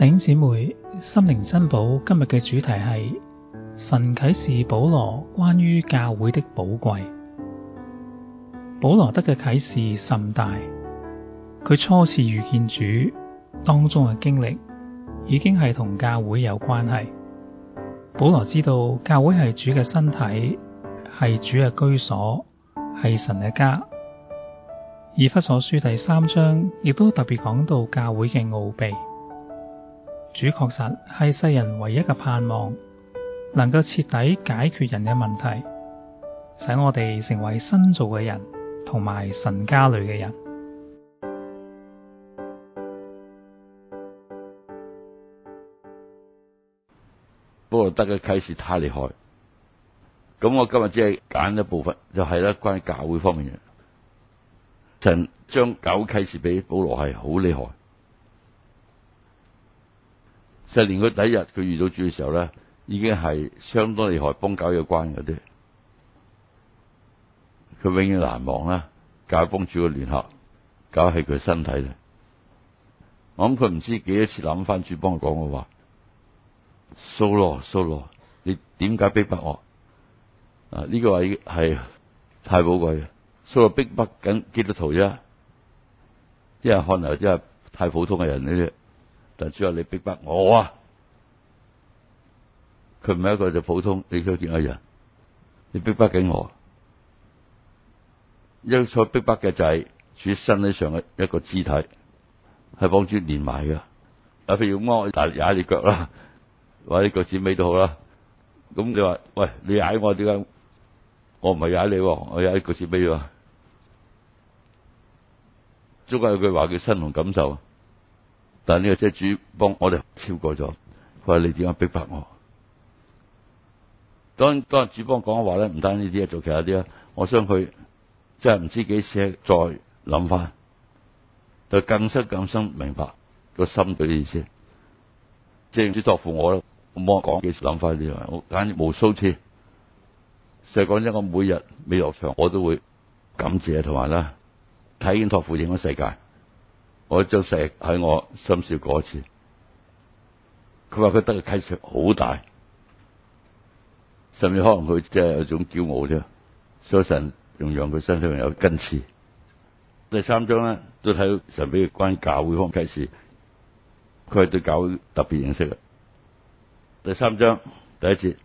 頂姐妹，心靈珍寶。今日嘅主題係神啟示保羅關於教會的寶貴。保羅得嘅啟示甚大，佢初次遇見主當中嘅經歷已經係同教會有關係。保羅知道教會係主嘅身體，係主嘅居所，係神嘅家。以弗所書第三章亦都特別講到教會嘅奧秘。主確實係世人唯一嘅盼望，能夠徹底解決人嘅問題，使我哋成為新造嘅人，同埋神家裏嘅人。保羅得嘅啟示太厲害，咁我今日只係揀一部分，就係啦，關於教會方面嘅。神將狗啟示俾保羅係好厲害。就連佢第一日佢遇到主嘅時候呢，已經係相當厲害崩搞有關嗰啲。佢永遠難忘呢，教宗主嘅聯合搞係佢身體咧。我諗佢唔知幾多次諗返主幫我講嘅話：掃羅，掃羅，你點解逼迫我？啊！呢個位係太寶貴嘅。掃羅逼迫緊，基督徒啫，即係可能真係太普通嘅人呢？但主要你逼迫我啊，佢唔係一個就普通你想見嘅人，你逼迫緊我，啊。一再逼迫嘅就係，主要身體上嘅一個肢體，係幫主連埋嘅。啊，譬如咁我大力踩你腳啦，或者腳趾尾都好啦。咁你話，喂，你踩我點解？我唔係踩你，我踩腳趾尾啊。中國有句話叫身同感受。但呢個即係主幫我哋超過咗，佢話你點解逼迫我？當當主幫講嘅話咧，唔單止呢啲嘢做其他啲啊，我相信佢真係唔知幾時再諗翻，就更深更深明白個心嘅意思，即係唔知託付我咯。咁我講幾時諗翻呢樣？好簡直無數次，成日講真，我每日未落場我都會感謝同埋啦，體現託付點樣世界。我將石喺我心笑嗰次，佢話佢得嘅啟示好大，甚至可能佢即係有種驕傲啫，所以神仲讓佢身上有根刺。第三章咧都睇到神俾佢關教會方啟示，佢係對教會特別認識嘅。第三章第一節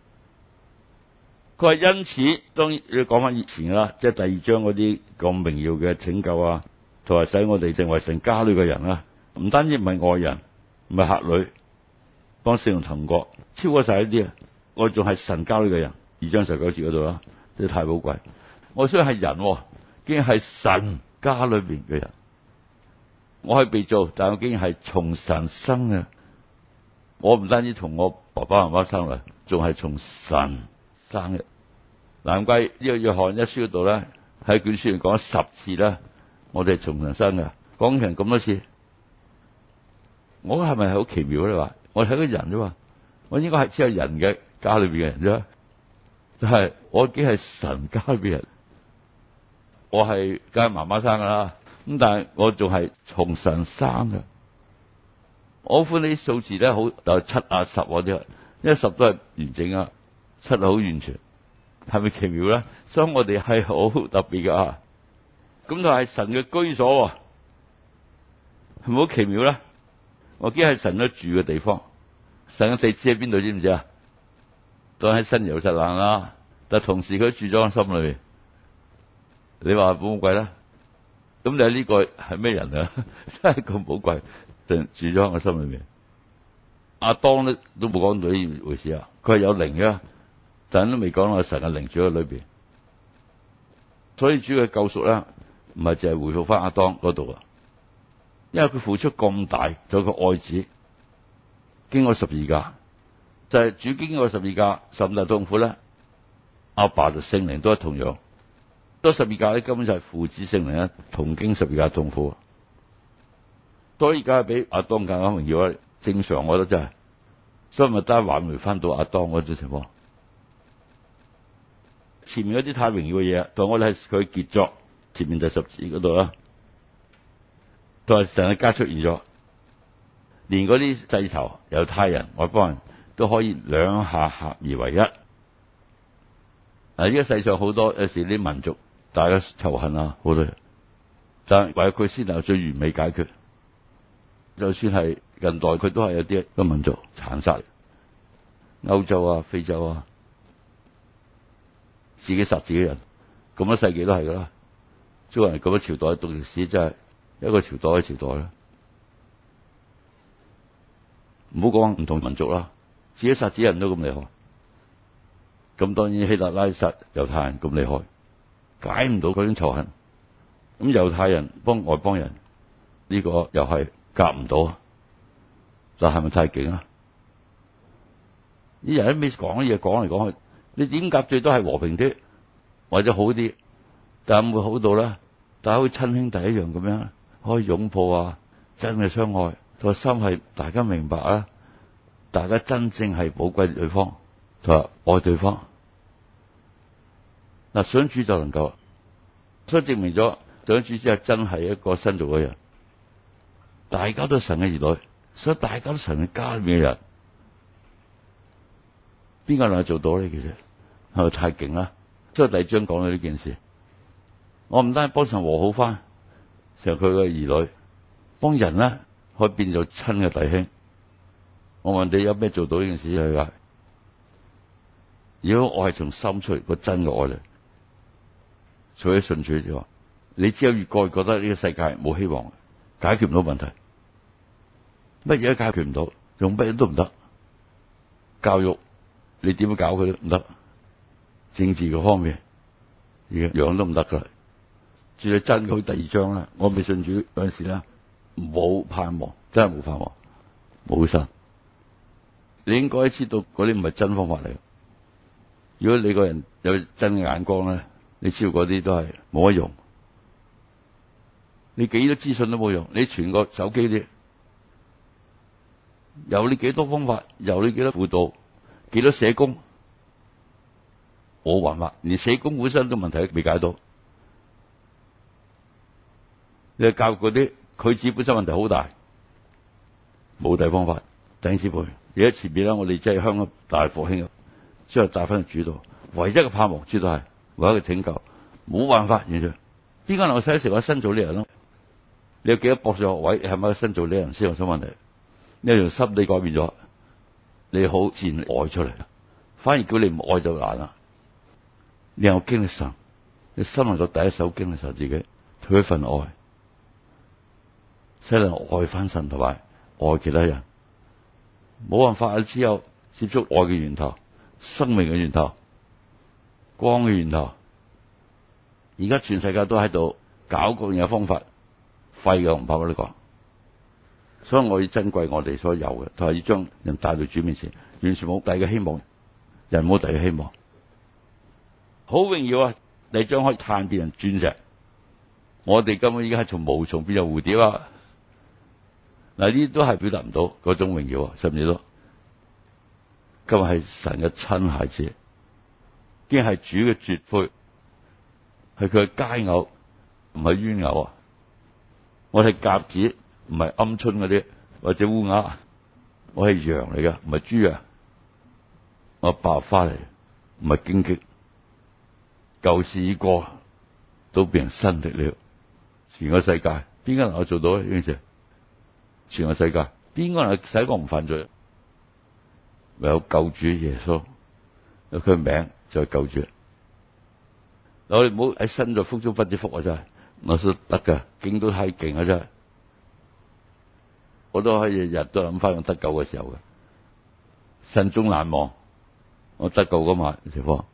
佢話因此當然要講翻以前啦，即係第二章嗰啲咁榮耀嘅拯救啊。同埋使我哋成為神家裏嘅人啦，唔單止唔係外人，唔係客旅。幫聖徒同國，超過曬呢啲啊！我仲係神家裏嘅人，二章十九節嗰度啦，真係太寶貴。我雖然係人，竟然係神家裏邊嘅人。我可以被造，但我竟然係從神生嘅。我唔單止從我爸爸媽媽生嚟，仲係從神生嘅。難怪呢、這個約翰一書嗰度咧，喺卷書講講十次啦。我哋從神生嘅，講成咁多次，我係咪好奇妙？你話我睇個人啫嘛，我應該係只係人嘅家裏邊嘅人啫，但係我已經係神家裏邊人，我係梗係媽媽生噶啦，咁但係我仲係從神生嘅。我歡喜數字咧，好就七啊十我、啊、啲，因為十都係完整啊，七係好完全，係咪奇妙咧？所以我哋係好特別噶、啊。咁就係神嘅居所，係咪好奇妙咧？我知係神都住嘅地方。神嘅地址喺邊度知唔知啊？當喺新耶路撒冷啦，但同時佢住咗我心裏邊。你話寶貴啦，咁你呢個係咩人啊？真係咁寶貴，住住咗喺我心裏面。阿當咧都冇講到呢回事啊！佢係有靈嘅，但係都未講到神嘅靈住喺裏邊。所以主要係救贖啦。唔係淨係回復翻阿當嗰度啊，因為佢付出咁大，就個個愛子經過十二架，就係、是、主經過十二架，十五大痛苦咧，阿爸就聖靈都係同樣，多十二架咧根本就係父子聖靈啊同經十二架痛苦，所以而家俾阿當更加榮耀啊！正常我覺得真係，所以咪得挽回翻到阿當嗰種情況，前面嗰啲太榮耀嘅嘢，同我哋係佢傑作。前面第十字嗰度啦，都係神嘅家出現咗，連嗰啲世仇猶太人、外邦人都可以兩下合而為一。啊！依家世上好多有時啲民族大家仇恨啊，好多人，但係唯有佢先能最完美解決，就算係近代，佢都係有啲個民族殘殺歐洲啊、非洲啊，自己殺自己的人，咁多世紀都係嘅啦。做人咁嘅朝代讀歷史，就係一個朝代嘅朝代啦。唔好講唔同民族啦，自己殺子人都咁厲害。咁當然希特拉殺猶太人咁厲害，解唔到嗰種仇恨。咁猶太人幫外邦人，呢、這個又係夾唔到。就係咪太勁啊？啲人喺一味講嘢，講嚟講去，你點夾最多係和平啲，或者好啲，但係會好到咧？大家會親兄弟一樣咁樣，可以擁抱啊，真係相愛。個心係大家明白啊，大家真正係寶貴對方，同埋愛對方。嗱、啊，相處就能夠，所以證明咗相處之後真係一個新造嘅人。大家都神嘅兒女，所以大家都神嘅家裏嘅人，邊個能夠做到咧？其實係咪太勁啦？即係第二章講到呢件事。我唔單止幫神和好翻，成佢嘅兒女，幫人咧可以變做親嘅弟兄。我問你有咩做到呢件事？佢就話是：如果我係從心出嚟個真嘅愛嚟，除咗順主。你只有越過越覺得呢個世界冇希望，解決唔到問題，乜嘢都解決唔到，用乜嘢都唔得。教育你點樣搞佢都唔得，政治個方面，而家都唔得噶。住你真佢第二章啦，我未信主嗰陣時咧，冇盼望，真係冇盼望，冇信。你應該知道嗰啲唔係真方法嚟。如果你個人有真眼光咧，你知道嗰啲都係冇乜用。你幾多資訊都冇用，你全個手機啲，由你幾多方法，由你幾多輔導，幾多社工，冇辦法，連社工本身都問題未解到。你教嗰啲佢自己本身問題好大，冇地方法。頂師父，而家前面呢，我哋即係香港大復興，之後帶返去主道，唯一嘅盼望，主道係唯一嘅拯救，冇辦法。完全邊間能夠寫得成我新造呢人咯？你有幾多博士學位？係咪新造呢人先？有新問題。你，你用心理改變咗，你好自然愛出嚟，反而叫你唔愛就難啦。你有經歷神，你身能夠第一手經歷神自己，佢一份愛。真係愛翻神同埋愛其他人，冇辦法啊！只有接觸愛嘅源頭、生命嘅源頭、光嘅源頭。而家全世界都喺度搞各種嘅方法，廢嘅唔怕我哋講，所以我要珍貴我哋所有嘅，同埋要將人帶到主面前，完全冇第二嘅希望，人冇第二嘅希望。好榮耀啊！你將可以探別人鑽石，我哋根本而家從毛蟲變做蝴蝶啊！嗱，呢啲都係表達唔到嗰種榮耀，啊，甚至都。今日係神嘅親孩子，竟然係主嘅絕配，係佢嘅佳偶，唔係冤偶啊！我係鴿子，唔係鵪鶉嗰啲，或者烏鴉，我係羊嚟噶，唔係豬啊！我白花嚟，唔係荊棘。舊事已過，都變成新的了。全個世界，邊間能夠做到呢件事？全個世界邊個能使一個唔犯罪？唯有救主耶穌，有佢嘅名就係救主。我哋唔好喺身在福中不知福啊！真係，我說得噶，勁都太勁啊！真係，我都可以日日都諗翻我得救嘅時候嘅，心中難忘。我得救嗰晚，情況。